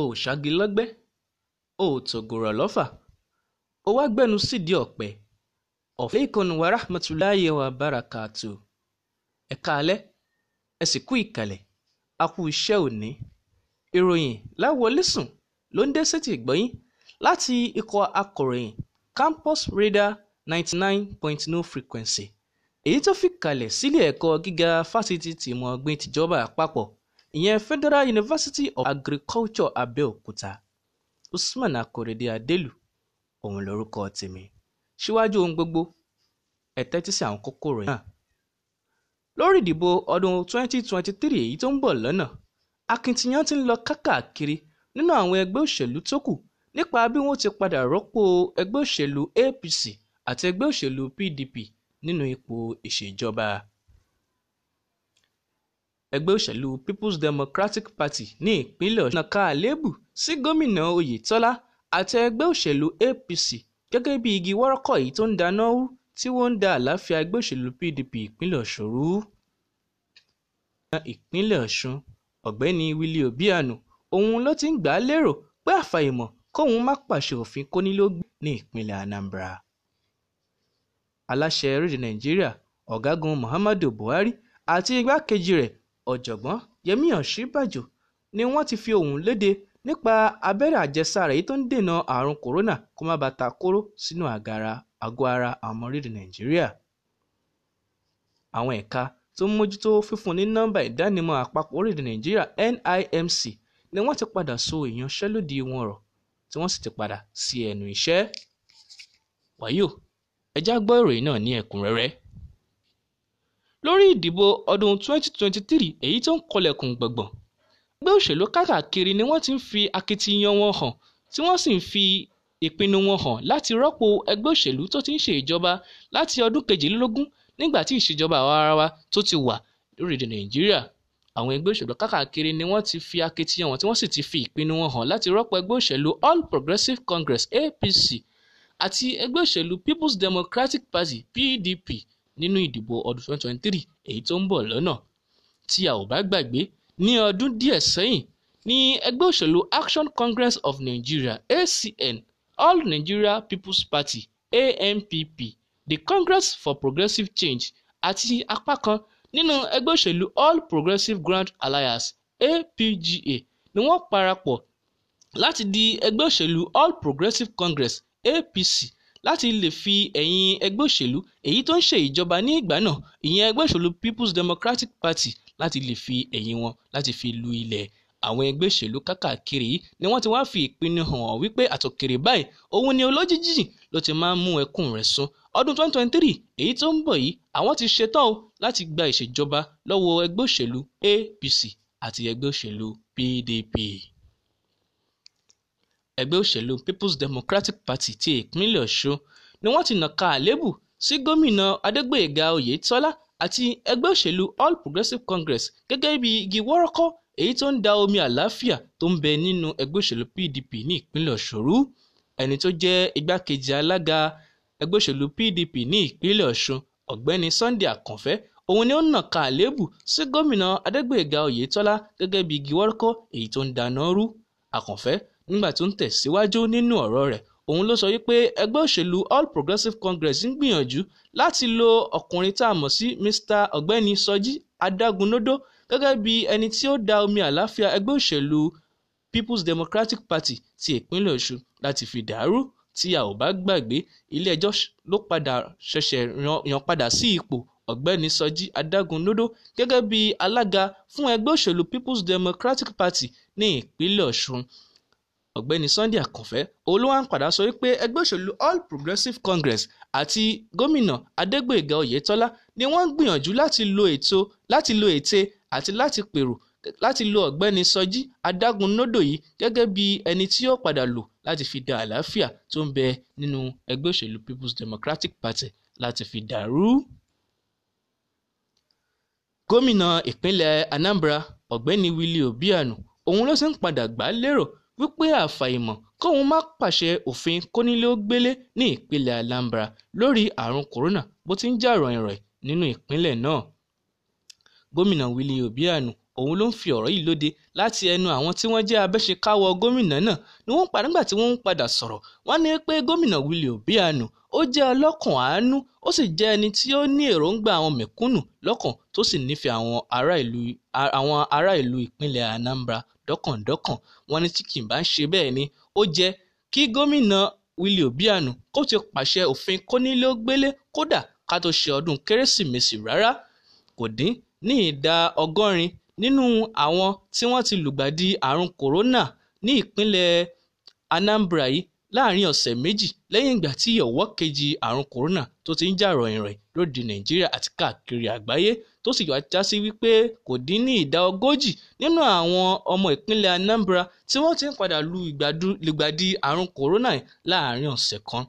o ò ṣagi lọ́gbẹ́ o ò tògòrò lọ́fà o wá gbẹ́nu sídìí ọ̀pẹ ọ̀fẹ́ìkànnì wa rahmatulahi wa barakatu ẹ káalẹ́ ẹ sì kú ìkàlẹ̀ a kú iṣẹ́ òní ìròyìn láwọlé sùn ló ń dé sétí ìgbọ́yín láti ikọ̀ akọ̀ròyìn campus radar ninety nine point no frequency èyí tó fi kalẹ̀ sílé ẹ̀kọ́ gíga fásitì tìmọ̀ ọ̀gbìn tìjọba àpapọ̀ ìyẹn Federal University of Agriculture Abeokuta, Usman Akorede Adelu òun lorúkọ tèmi síwájú ohun gbogbo ẹ tẹ́tí sí àwọn kókó rẹ̀ náà. lórí ìdìbò ọdún 2023 èyí tó ń bọ̀ lọ́nà akitiyan ti ń lọ kákàkiri nínú àwọn ẹgbẹ́ òṣèlú tó kù nípa bí wọ́n ti padà rọ́pò ẹgbẹ́ òṣèlú APC àti ẹgbẹ́ òṣèlú PDP nínú ipò ìṣèjọba ẹgbẹ́ òṣèlú people's democratic party ní ìpínlẹ̀ ọ̀ṣun nàka àléébù sí gómìnà oyetola àti ẹgbẹ́ òṣèlú apc gẹ́gẹ́ bí igi wọ́rọ́kọ̀ èyí tó ń dáná rú tí wọ́n ń da àlàáfíà ẹgbẹ́ òṣèlú pdp ìpínlẹ̀ ọ̀ṣun rú. ìpínlẹ̀ ọ̀ṣun ọ̀gbẹ́ni willie obiano òun ló ti ń gbà á lérò pé àfàìmọ̀ kóun má pàṣẹ òfin kónílógbé ní ìpínlẹ̀ anambra. aláṣẹ orílẹ̀ nàìjíríà ọ̀gágun muhammadu buhari àti igbákejì rẹ̀ ọ̀jọ̀gbọ́n yẹmi òsínbàjò ni wọ́n ti fi ohùn lédè nípa abẹ́rẹ́ àjẹsára èyí tó ń dènà àrùn kòrónà kó má bàa ta kóró sínú àgọ́ ara àwọn ọmọ orílẹ̀ nàìjíríà àwọn ẹ̀ka tó ń mójútó fífún ní nọ́mbà ìdánimọ̀ àpapọ̀ orílẹ̀ nàìjíríà NIMC ni wọ́n ti padà so ìyanṣẹ́lódì wọn rọ̀ tí wọ́n sì ti padà sí ẹnu iṣẹ́ wàyò ẹjá gbọ́ ìròyìn náà ní ẹ̀kúnrẹ́rẹ́ lórí ìdìbò ọdún 2023 èyí tó ń kọlẹ̀kùn gbọ̀ngbọ̀n ẹgbẹ́ òṣèlú káàkiri ni wọ́n ti ń fi akitiyan wọn hàn tí wọ́n sì ń fi ìpinnu wọn hàn láti rọ́pò ẹgbẹ́ òṣèlú tó ti ń ṣe ìjọba láti ọdún kejìlélógún nígbà tí ìṣèjọba àwarawa tó ti wà lórílẹ̀‐èdè nàìjíríà àwọn ẹgbẹ́ òṣèlú káàkiri ni wọ́n ti fi akitiyan wọn tí wọ́n sì ti fi ìpinnu wọn hàn láti rọ́pò ẹgbẹ́ òṣèlú All Progressives Congress APC àti ẹgbẹ́ òṣèlú People's Democratic Party PDP nínú ìdìbò ọdún 2023 èyí tó ń bọ̀ lọ́nà tí a ò bá gbàgbé ní ọdún díẹ̀ sẹ́yìn ní ẹgbẹ́ òṣèlú Action Congress of Nigeria ACN All Nigeria People's Party ANPP the Congress for Progressive Change àti apá kan nínú ẹgbẹ́ òṣèlú All Progressive Grand Alliance APGA ni wọ́n parapọ̀ láti di ẹgbẹ́ òṣèlú All Progressive Congress APC láti lè fi ẹ̀yìn ẹgbẹ́ òṣèlú èyí tó ń ṣe ìjọba ní ìgbà náà ìyẹn ẹgbẹ́ òṣèlú People's Democratic Party láti lè fi ẹ̀yìn wọn láti fi lu ilẹ̀ àwọn ẹgbẹ́ òṣèlú kákàkiri yìí ni wọ́n ti wá fi ìpinnu hàn wípé àtòkèrè báyìí òun ni olójijì ló ti máa ń mú ẹkún rẹ̀ sún ọdún 2023 èyí tó ń bọ̀ yìí àwọn ti ṣetán o láti gba ìṣèjọba lọ́wọ́ ẹgbẹ́ òṣèlú APC àti ẹgbẹ́ òṣèlú PDP ẹgbẹ́ òṣèlú people's democratic party ti ìpínlẹ̀ ọ̀ṣun ni wọ́n ti nàka àléébù sí gómìnà adégbòyègá oyètọ́lá àti ẹgbẹ́ òṣèlú all progressives congress gẹ́gẹ́ bí igi wọ́rọ́kọ́ èyí tó ń da omi àlàáfíà tó ń bẹ nínú ẹgbẹ́ òṣèlú pdp ní ìpínlẹ̀ ọ̀ṣun rú ẹni tó jẹ́ igbákejì alága ẹgbẹ́ òṣèlú pdp ní ìpínlẹ̀ ọ̀ṣun ọ̀gbẹ́ni sunday akànfẹ́ òun ni ó nàka àléébù sí gómìnà adégbòyègá oyètọ́lá gẹ́gẹ́ bí igi wọ́rọ́kọ́ èyí tó ń dáná rú akànfẹ́ nígbà tó ń tẹ̀síwájú nínú ọ̀rọ̀ rẹ̀ òun ló sọ wípé ẹgbẹ́ òṣèlú all progressive congress ń gbìyànjú láti lo ọkùnrin tá a mọ̀ sí mr ọ̀gbẹ́ni sọjí adágúnnódó gẹ́gẹ́ bí ẹni tí ó da omi àlàáfíà ẹgbẹ́ òṣèlú people's democratic party ti ìpínlẹ̀ ọ̀ṣun láti fi dàrú tí a ò bá gbàgbé ilé-ẹjọ́ ló padà ṣẹ̀ṣẹ̀ yàn padà sí ipò ọ̀gbẹ́ni sọjí adágúnnódó gẹ́gẹ́ bí alága fún ẹgbẹ́ òṣèlú people's democratic party ní ìpínlẹ̀ ọ̀ṣun ọ̀gbẹ́ni sunday akànfẹ́ olùwàǹpadà sọ wípé ẹgbẹ́ òṣèlú all progressives congress àti gómìnà adégbòyègà oyètọ́lá ni wọ́n ń gbìyànjú láti lo ètò láti lo ète àti láti pèrò láti lo ọ̀gbẹ́ni sọjí adágúnnódò yìí gẹ́gẹ́ bí ẹni tí yóò padà lò láti fi da àlàáfíà tó ń bẹ nínú ẹgbẹ́ òṣèlú people's democratic party láti fi dàrú. gómìnà ìpínlẹ̀ anambra ọ̀gbẹ́ni willie obiano òun ló sì ń padà gbà lérò wípé àfàìmọ̀ kóun má pàṣẹ òfin kónílé-ó-gbélé ní ìpínlẹ̀ Anambra lórí àrùn kòrónà bó ti ń jà ròhìnròhìn nínú ìpínlẹ̀ náà. Gómìnà Willie Obiano òun ló ń fi ọ̀rọ̀ yìí lóde láti ẹnu àwọn tí wọ́n jẹ́ abẹ́ṣekáwọ́ gómìnà náà ni wọ́n ń padà nígbà tí wọ́n ń padà sọ̀rọ̀ wọ́n ní pé gómìnà Willie Obiano ó jẹ́ ọlọ́kàn àánú ó sì jẹ́ ẹni tí ó ní èròǹgbà àwọn mẹ̀kúnnù lọ́kàn tó sì nífẹ̀ẹ́ àwọn ará ìlú ìpínlẹ̀ Anambra dọ́kàndọ́kàn wọn ní tí kì í bá ń ṣe bẹ́ẹ̀ ni ó jẹ́ kí gómìnà Willie Obiano kó ti pàṣẹ òfin kónílé-ó-gbélé kódà ká tó ṣe ọdún kérésìmesì rárá kò dín ní ìdá ọgọ́rin nínú àwọn tí wọ́n ti lùgbàdì àrùn kòrónà ní ìpínlẹ̀ Anambra yìí láàrin ọ̀sẹ̀ méjì lẹ́yìn ìgbà tí ọ̀wọ́ kejì àrùn kòrónà tó ti ń jà ròhìnròhìn lóde nàìjíríà àti káàkiri àgbáyé tó sì wá já sí wípé kò dín ní ìdá ogójì nínú àwọn ọmọ ìpínlẹ̀ Anambra tí wọ́n ti ń padà lu ìgbàdí àrùn kòrónà láàrin ọ̀sẹ̀ kan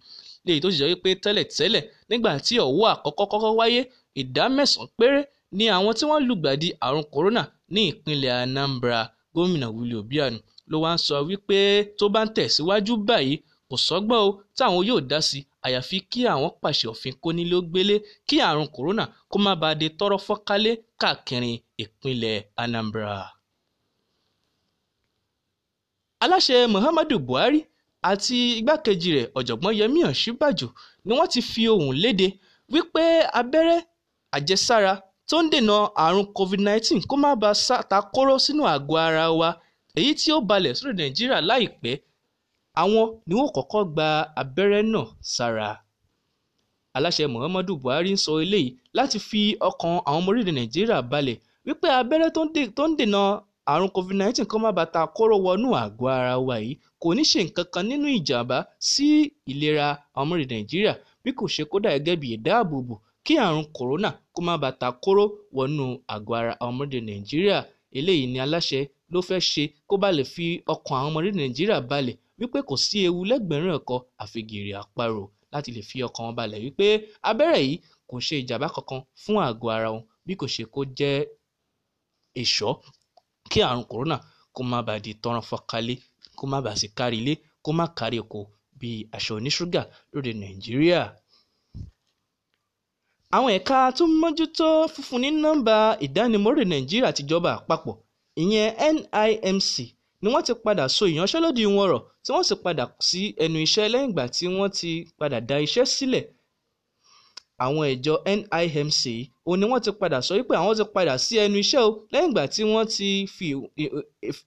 léyìí tó sì jẹ́ wípé tẹ́lẹ̀tẹ́lẹ̀ nígbà tí ọ̀wọ́ àkọ́kọ́ kọ́kọ́ wáyé ìdá mẹ́sàn-án péré ni àwọn tí wọ́n lùgbàdì àrùn kòrónà ní ìpínlẹ̀ Anambra gómìnà Willie Obiano ló wá ń sọ wípé tó bá ń tẹ̀síwájú báyìí kò sọ́gbọ́n o táwọn yóò dá sí àyàfi kí àwọn pàṣẹ òfin kónílógbélé kí àrùn kòrónà kó má bàa di tọ́rọ́ fọ́nkálé káàkiri ìpínlẹ̀ Anambra. aláṣẹ Muhammadu Buhari àti igbákejì rẹ̀ ọ̀jọ̀gbọ́n Yẹmí Ọ̀ṣínbàjò ni wọ́n ti fi ohùn léde wípé abẹ́rẹ́ àjẹsára tó ń dènà àrùn COVID-19 kó má bàa ta kóró sínú àgọ́ ara wa èyí tí ó balẹ̀ sórí Nàìjíríà láìpẹ́ àwọn ni wọ́n kọ́kọ́ gba abẹ́rẹ́ náà sára. aláṣẹ muhammadu buhari ń sọ eléyìí láti fi ọkàn àwọn ọmọ orílẹ̀ nàìjíríà balẹ̀ wípé abẹ́rẹ́ tó ń dènà àrùn covid-19 kan má bàtà kóró wọnú àgọ́ ara wa yìí kò ní ṣe nǹkan kan nínú ìjàmbá sí ìlera àwọn ọmọ orílẹ̀ nàìjíríà bí kò ṣe kódà gẹ́gẹ́ bí ìdáàbòbò kí àrùn kòrónà kó má bàtà kóró wọnú àgọ́ ara àwọn orílẹ̀ nàìjíríà eléyìí ni aláṣẹ ló fẹ́ ṣe kó ba lè fi ọkàn àwọn ọmọdé nàìjíríà balẹ̀ wípé kò sí ewu lẹ́gbẹ̀rún ẹ̀kọ́ àfigèrè àparò láti lè fi ọkàn wọn balẹ̀ wípé abẹ́rẹ́ yìí kò ṣe ìjàmbá kankan fún àgọ́ ara wọn bí kò ṣe kó jẹ́ èṣọ́ kí àrùn kòrónà kó má bàa di tọrọ fọkalé kó má bàa sì kárí ilé kó má kárí oko bíi aṣọ oníṣúgà lóde nàìjíríà àwọn ẹ̀ka tó mójútó fífún ní nọ́mbà ìdánimọ̀ ìyẹn NIMC ni wọ́n ti padà so ìyanṣẹ́lódì wọn rọ̀ tí wọ́n sì padà sí ẹnu iṣẹ́ lẹ́yìn ìgbà tí wọ́n ti padà dá iṣẹ́ sílẹ̀ àwọn ìjọ NIMC ò ní wọ́n ti padà sọ wípé àwọn ti padà sí ẹnu iṣẹ́ o lẹ́yìn ìgbà tí wọ́n ti fi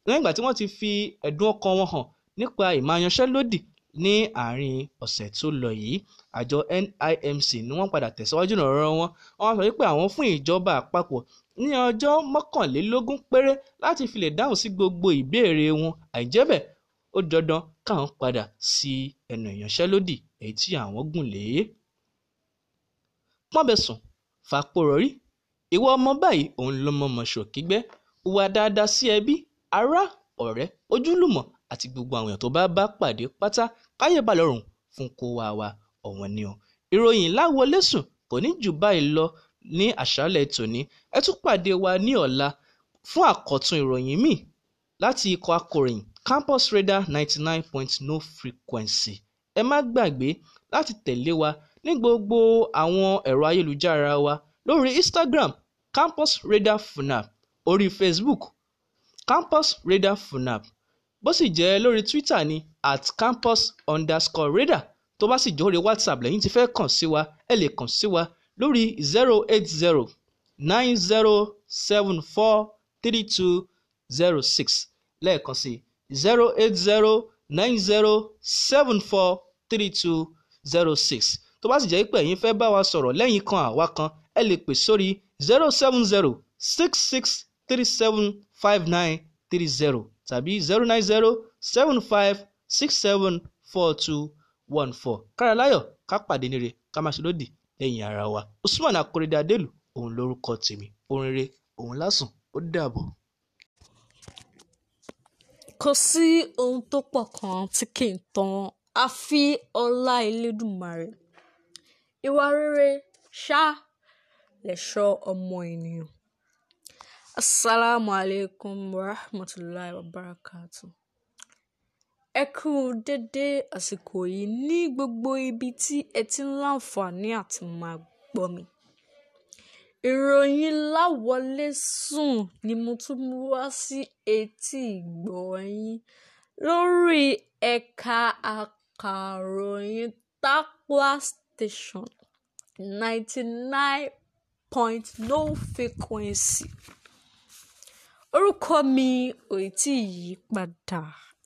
lẹ́yìn ìgbà tí wọ́n ti fi ẹ̀dùn ọkàn wọn hàn nípa ìmáyanṣẹ́lódì ní àárín ọ̀sẹ̀ tó lọ yìí àjọ NIMC ni wọ́n padà tẹ̀síwájú ìrànlọ́wọ́ wọn wọ́n sọ wípé àwọn fún ìjọba àpapọ̀ ní ọjọ́ mọ́kànlélógún péré láti fi lè dáhùn sí gbogbo ìbéèrè wọn àìjẹ́bẹ̀ ó dandan káwọn padà sí ẹnu ìyanṣẹ́lódì èyí tí àwọn gùn lé. pọ́nbẹ̀sùn fàpòrọ̀rí ìwọ ọmọ báyìí òun lọmọ mọ̀ṣọ̀ kígbẹ́ hùwà dáadáa sí ẹbí ará ọ̀rẹ́ ojúlùmọ̀ àti gbogbo àwọn èèyàn tó bá bá pàdé pátá káyé balọ̀rùn fún kó wa wa ọ̀wọ́n ni o ìròyìn láwọlé sùn kò ní jù báyìí lọ ní àṣálẹ́ tòní ẹ tún pàdé wa ní ọ̀la fún àkọ́tún ìròyìn míì láti ikọ̀ akọ̀ròyìn Campus Radar ninety nine point no frequency ẹ má gbàgbé láti tẹ̀lé wa ní gbogbo àwọn ẹ̀rọ ayélujára wa lórí Instagram Campus Radar Funap. orí Facebook Campus Radar Funap. bó sì jẹ́ lórí Twitter ni at campus underscore radar tó bá sì jẹ́ orí WhatsApp lẹ́yìn tí fẹ́ kàn sí wa ẹ lè kàn sí wa lórí zero eight zero nine zero seven four three two zero six lẹ́ẹ̀kan sí zero eight zero nine zero seven four three two zero six tó bá sì jẹ́ pé ẹ̀yin fẹ́ bá wa sọ̀rọ̀ lẹ́yìn kan àwa kan ẹ lè pè sórí zero seven zero six six three seven five nine three zero tàbí zero nine zero seven five six seven four two one four kára láyọ̀ ká pàdé nire ká má ṣe lòdì ẹ̀yin ara wa Usman Akóredadélu òun lórúkọ tèmi orin re òun lásùn ó dàbọ̀. kò sí ohun tó pọ̀ kan tí kì í tán àfi ọlá Elédùmarè ìwà rere ṣá lẹ̀ṣọ́ ọmọ ènìyàn asalaamualeykum wa rahmatulahi wa barakatuh. Ẹ kú dédé àsìkò yìí ní gbogbo ibi tí ẹ ti ń láǹfààní àti máa gbọ́ mi. Ìròyìn láwọlé sùn ni mo tún mú wá sí etí ìgbọ́ yín lórí ẹ̀ka àkàròyìn Tapua Station ninety nine point no frequency. Orúkọ mi ò tí yí padà.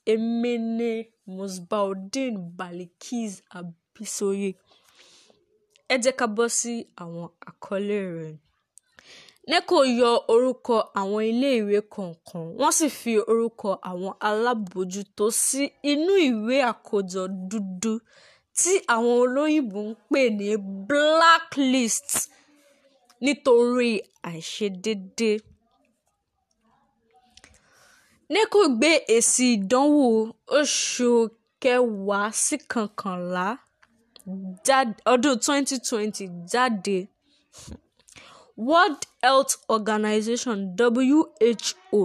Emene ni Musbauldeen Balkis Abisoye. Ẹ jẹ́ ká bọ́ sí àwọn àkọlé rẹ̀. NECO yọ orúkọ àwọn iléèwé kọ̀ọ̀kan wọ́n sì fi orúkọ àwọn alábòójútó sí inú ìwé àkójọ dúdú tí àwọn olóyìnbó ń pè ní blacklist nítorí àìṣedéédé neco gbé èsì ìdánwò oṣù kẹwàá sí kọkànlá ọdún twenty twenty jáde world health organization who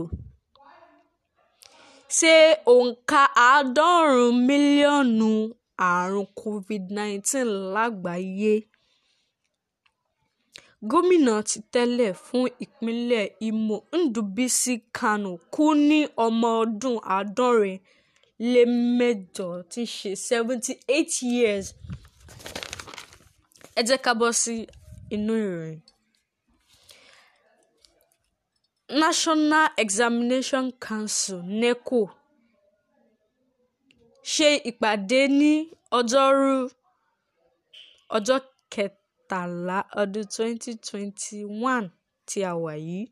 ṣe òǹkà àádọ́rùn-ún mílíọ̀nù àrùn covid nineteen lágbàáyé. Gómìnà ti tẹ́lẹ̀ fún ìpínlẹ̀ Imo Ndubisi Kanu kú ní ọmọ ọdún àádọ́rin lé mẹ́jọ tíí ṣe seventy eight years. Ẹ jẹ́ ká bọ́ sí inú ìròyìn. National Examination Council (NECO) ṣe ìpàdé ní Ọjọ́rú ọjọ́ kẹta kẹtàlá ọdún 2021 twenty one tí a wà yìí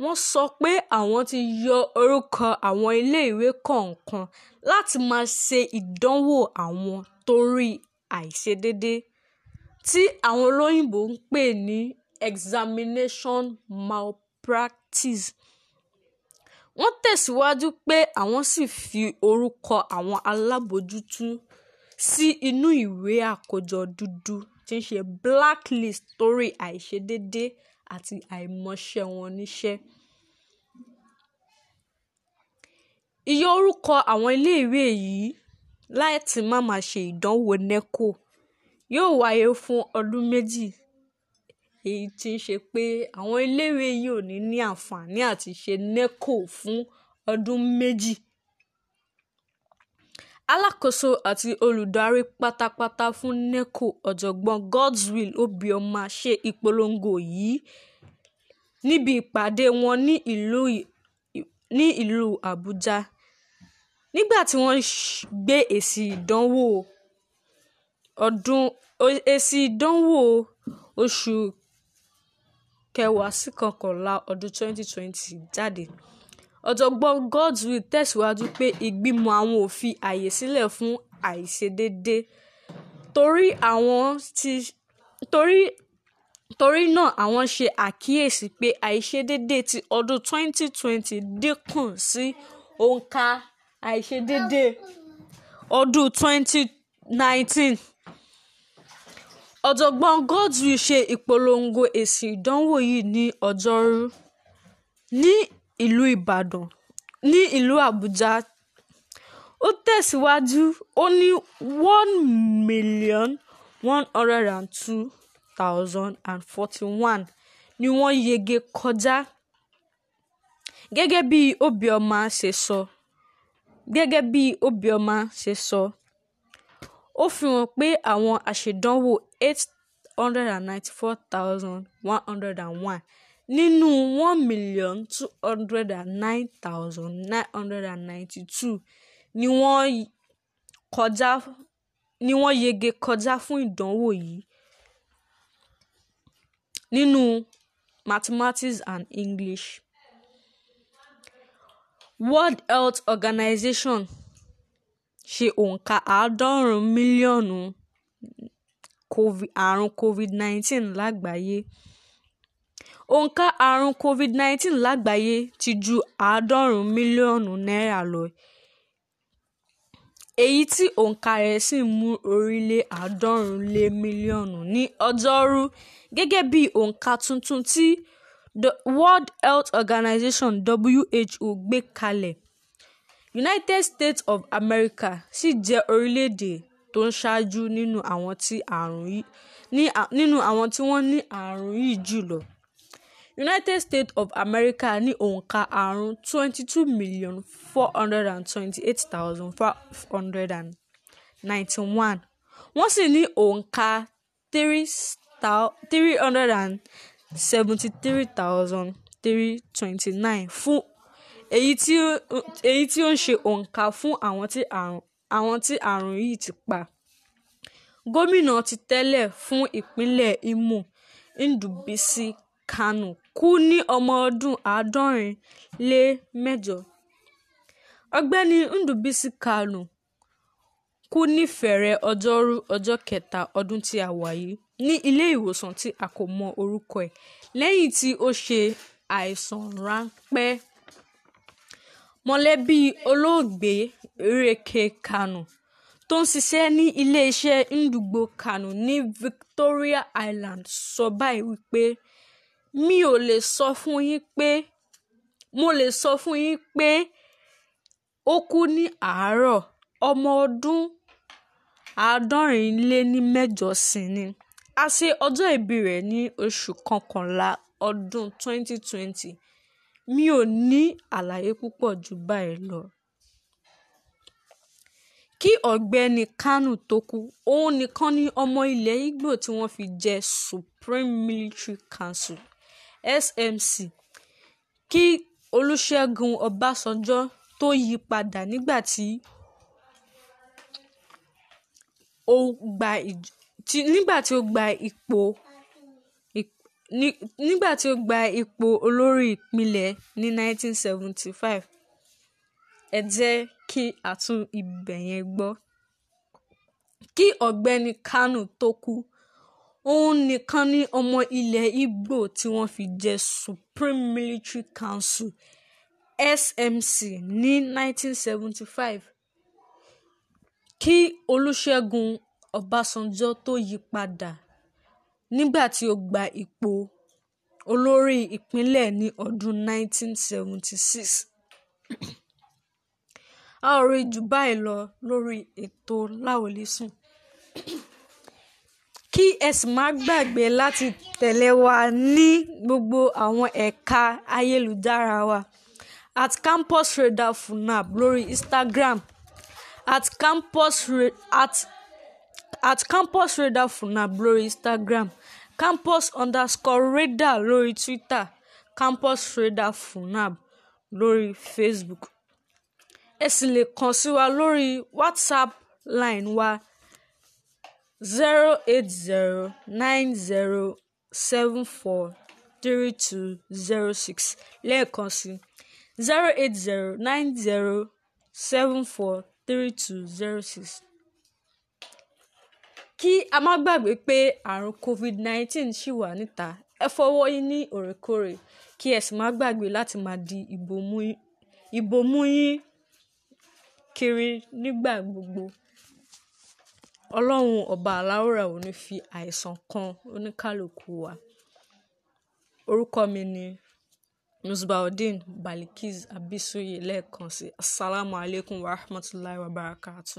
wọ́n sọ pé àwọn ti yọ orúkọ àwọn iléèwé kọ̀ọ̀kan láti máa ṣe ìdánwò àwọn torí àìṣedéédé tí àwọn olóyìnbó ń pè ní examination malpractice wọ́n tẹ̀síwájú pé àwọn sì fi orúkọ àwọn alábòójútó sí inú ìwé àkójọ dúdú tí ń ṣe blacklist torí àìṣedéédé àti àìmọṣẹ́ wọn níṣẹ́. Iye orúkọ àwọn ilé-ìwé yìí láti má máa ṣe ìdánwò NECO yóò wáyé fún ọdún méjì èyí tí ń ṣe pé àwọn ilé-ìwé yìí ò ní ní àǹfààní àti ṣe NECO fún ọdún méjì alákòóso àti olùdarí pátápátá fún neco ọ̀jọ̀gbọ́n godswill obioma ṣe ìpolongo yìí níbi ìpàdé wọn ní ìlú àbújá nígbà tí wọ́n gbé èsì ìdánwò ọdún èsì ìdánwò oṣù kẹwàá sí kọkànlá ọdún twenty twenty jáde. Ọ̀jọ̀gbọ́n Godswill tẹ̀síwájú pé ìgbìmọ̀ àwọn ò fi àyè sílẹ̀ fún àìṣedéédé, torí náà àwọn ṣe àkíyèsí pé àìṣedéédé ti ọdún 2020 dínkù sí òǹkà àìṣedéédé ọdún 2019. Ọ̀jọ̀gbọ́n Godswill ṣe ìpolongo èsì ìdánwò yìí ní Ọjọ́rú. Ní ìlú ìbàdàn ní ìlú àbújá ó tẹ̀síwájú ó ní one million one hundred and two thousand and forty-one ni wọ́n yege kọjá gẹ́gẹ́ bí obioma ṣe sọ gẹ́gẹ́ bí obioma ṣe sọ ó fi hàn pé àwọn àṣedánwò eight hundred and ninety-four thousand one hundred and one nínú one million two hundred and nine thousand nine hundred and ninety-two ni wọ́n kọjá ni wọ́n yege kọjá fún ìdánwò yìí nínú mathematics and English. World Health Organization ṣe òǹkà àádọ́rùn-ún mílíọ̀nù àrùn COVID-19 lágbàáyé. Òǹkà àrùn COVID-19 lágbàáyé ti ju àádọ́rùn-ún mílíọ̀nù náírà lọ, èyí tí òǹkà rẹ̀ sì mú orí lé àádọ́rùn-ún lé mílíọ̀nù ní Ọjọ́rú, gẹ́gẹ́ bí òǹkà tuntun tí World Health Organization (WHO) gbé kalẹ̀. United States of America ṣì jẹ́ orílẹ̀-èdè tó ń ṣáájú nínú àwọn tí wọ́n ní àrùn yìí jùlọ united states of america ní òǹkà àrùn twenty two million four hundred and twenty eight thousand five hundred and ninety one wọ́n sì ní òǹkà three hundred and seventy three thousand three twenty nine fún èyí tí ó ń ṣe òǹkà fún àwọn tí àrùn yìí ti pa gómìnà ti tẹ́lẹ̀ fún ìpínlẹ̀ Imo Ndubisi Kanu kú ní ọmọ ọdún àádọ́rin lé mẹ́jọ ọ̀gbẹ́ni ndúbísì kánù kú ní fẹ̀rẹ̀ ọjọ́rú ọjọ́ kẹta ọdún tí a wà yìí ní ilé ìwòsàn tí a kò mọ orúkọ ẹ̀ lẹ́yìn tí ó ṣe àìsàn ráńpẹ́ mọ̀lẹ́bí olóògbé ereke kánù tó ń ṣiṣẹ́ ní iléeṣẹ́ ndúgbò kánù ní Victoria Island sọ báyìí wípé mi ò lè sọ fún yín pé mo lè sọ fún yín pé ó kú ní àárọ̀ ọmọ ọdún àádọ́rin lé ní mẹ́jọ sí ni a ṣe ọjọ́ ìbí rẹ̀ ní oṣù kọkànlá ọdún 2020 mi ò ní àlàyé púpọ̀ jù báyìí lọ. kí ọ̀gbẹ́ni kánù tó kú òun nìkan ni ọmọ ilẹ̀ Ìgbò tí wọ́n fi jẹ́ Supreme Military Council SMC kí Olúṣẹ́gun Ọbásanjọ́ tó yí padà nígbà tí ó gba ipò olórí ìpínlẹ̀ ní 1975. Ẹ jẹ́ kí a tún ibẹ̀ yẹn gbọ́. Kí Ọ̀gbẹ́ni Kánù tó kú, òun nìkan ni ọmọ ilẹ̀ Igbo tí wọ́n fi jẹ Supreme Military Council SMC ní 1975 kí Olúṣẹ́gun Ọbásanjọ́ tó yí padà nígbà tí ó gba ipò olórí ìpínlẹ̀ ní ọdún 1976. a ò rí jù báyìí lọ lórí ètò Láwòlísùn kí ẹ sì má gbàgbé láti tẹ̀lé wa ní gbogbo àwọn ẹ̀ka ayélujára wa at campus radar funab lórí instagram at campus at at campus radar funab lórí instagram campus underscore radar lórí twitter campus radar funab lórí facebook ẹ sì lè kàn sí wa lórí whatsapp line wa zero eight zero nine zero seven four three two zero six lẹ́ẹ̀kan sí zero eight zero nine zero seven four three two zero six. kí a má gbàgbé pé àrùn covid-19 ṣì wà níta ẹ fọwọ́ yín ní òrèkóòrè kí ẹ sì má gbàgbé láti máa di ìbòmú yín kiri nígbà gbogbo ọlọ́run ọba aláwòrán ò fi àìsàn kan oníkálukú wa orúkọ mi ni musbaudeen balikiz abisuyi lẹ́ẹ̀kan sí asalaamualeykum wa rahmatulahi wa barakatu.